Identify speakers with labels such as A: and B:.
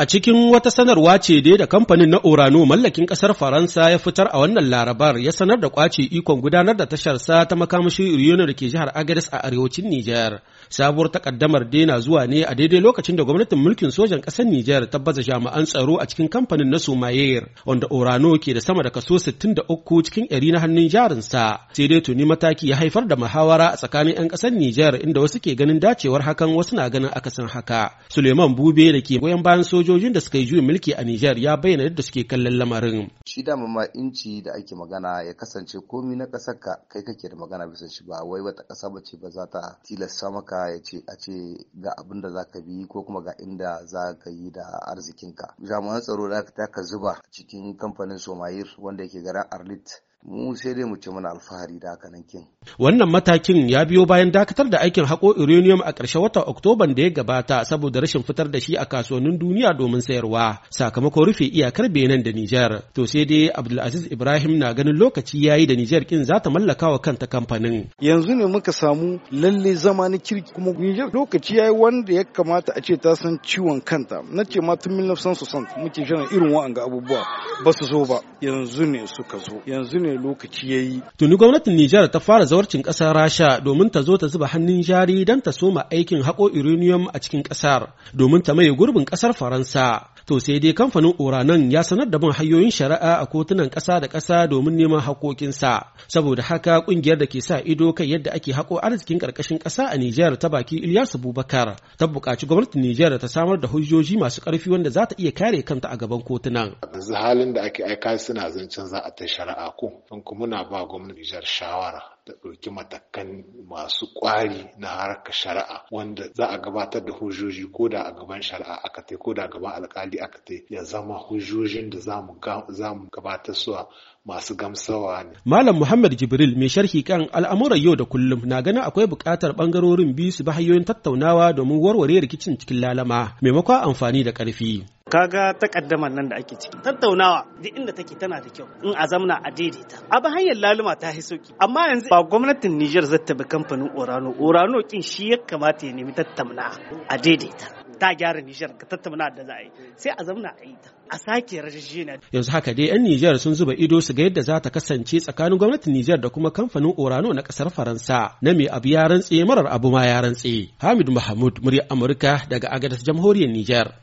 A: A cikin wata sanarwa ce dai da kamfanin na Orano mallakin ƙasar Faransa ya fitar a wannan larabar ya sanar da ƙwace ikon gudanar da tashar sa ta makamashin Iriyono da ke jihar Agadis a arewacin Nijar. Sabuwar takaddamar daina zuwa ne a daidai lokacin da gwamnatin mulkin sojan ƙasar Nijar ta baza jami'an tsaro a cikin kamfanin na Sumayer, wanda Orano ke da sama da kaso 63 cikin ɗari na hannun jarinsa. Sai dai tuni mataki ya haifar da muhawara a tsakanin 'yan ƙasar Nijar inda wasu ke ganin dacewar hakan wasu na ganin akasin haka. Suleiman Bube da ke goyon bayan soja sojojin da suka yi juyin mulki a Nijar ya bayyana yadda suke kallon lamarin.
B: Shi da ma inci da ake magana ya kasance komi na ƙasar ka kai kake da magana bisa shi ba wai wata ƙasa ba ce ba za ta tilasta maka ya ce a ce ga abin da za ka bi ko kuma ga inda za ka yi da arzikinka. Jami'an tsaro da ka zuba cikin kamfanin Somayir wanda yake garin Arlit mu sai dai mu ci muna alfahari da haka nan kin.
A: Wannan matakin ya biyo bayan dakatar da aikin haƙo uranium a ƙarshen watan Oktoban da ya gabata saboda rashin fitar da shi a kasuwannin duniya domin sayarwa sakamakon rufe iyakar Benin da Nijar. To sai dai Abdulaziz Ibrahim na ganin lokaci yayi da Nijar kin za ta mallaka wa kanta kamfanin.
C: Yanzu ne muka samu lalle zama na kirki kuma Nijar lokaci yayi wanda ya kamata a ce ta san ciwon kanta. Na ce ma tun 1960 muke jiran irin wa'anga abubuwa. ba su zo ba
D: yanzu ne suka zo yanzu
C: ne lokaci ya yi.
A: Tuni gwamnatin Nijar ta fara zawarcin ƙasar Rasha domin ta zo ta zuba hannun jari don ta soma aikin haƙo uranium a cikin ƙasar domin ta maye gurbin ƙasar Faransa To sai dai kamfanin Oranan ya sanar da bin hanyoyin shari'a a kotunan ƙasa da ƙasa domin neman haƙoƙinsa. Saboda haka ƙungiyar da ke sa ido kan yadda ake haƙo arzikin ƙarƙashin ƙasa a Nijar ta baki Ilyas Abubakar ta buƙaci gwamnatin Nijar ta samar da hujjoji masu ƙarfi wanda za ta iya kare kanta a gaban kotunan.
D: Yanzu halin da ake aika suna zancen za a ta shari'a ko. kuma muna ba gwamnatin Nijar shawara ta ɗauki matakan masu ƙwari na harkar shari'a wanda za a gabatar da hujjoji ko da a gaban shari'a aka tai ko da a gaban alkali aka tai ya zama hujjojin da za mu gabatar suwa masu gamsawa ne.
A: Malam Muhammad Jibril mai sharhi kan al'amuran yau da kullum na ganin akwai buƙatar ɓangarorin biyu su bi hanyoyin tattaunawa domin warware rikicin cikin lalama maimakon amfani da ƙarfi.
C: kaga kaddamar nan da ake ciki tattaunawa duk inda take tana da kyau in a zamna a daidaita abin hanyar laluma ta yi sauki amma yanzu ba gwamnatin Niger zata bi kamfanin Orano Orano kin shi ya kamata ya nemi tattauna a daidaita ta gyara Nijar ka tattauna da za a yi sai a zamna a yi ta a sake rajajjena.
A: Yanzu haka dai 'yan Nijar sun zuba ido su ga yadda za ta kasance tsakanin gwamnatin Nijar da kuma kamfanin Orano na kasar Faransa na mai abu ya rantse marar abu ma ya rantse. Hamid Mahmud murya Amurka daga Agadas Jamhuriyar Nijar.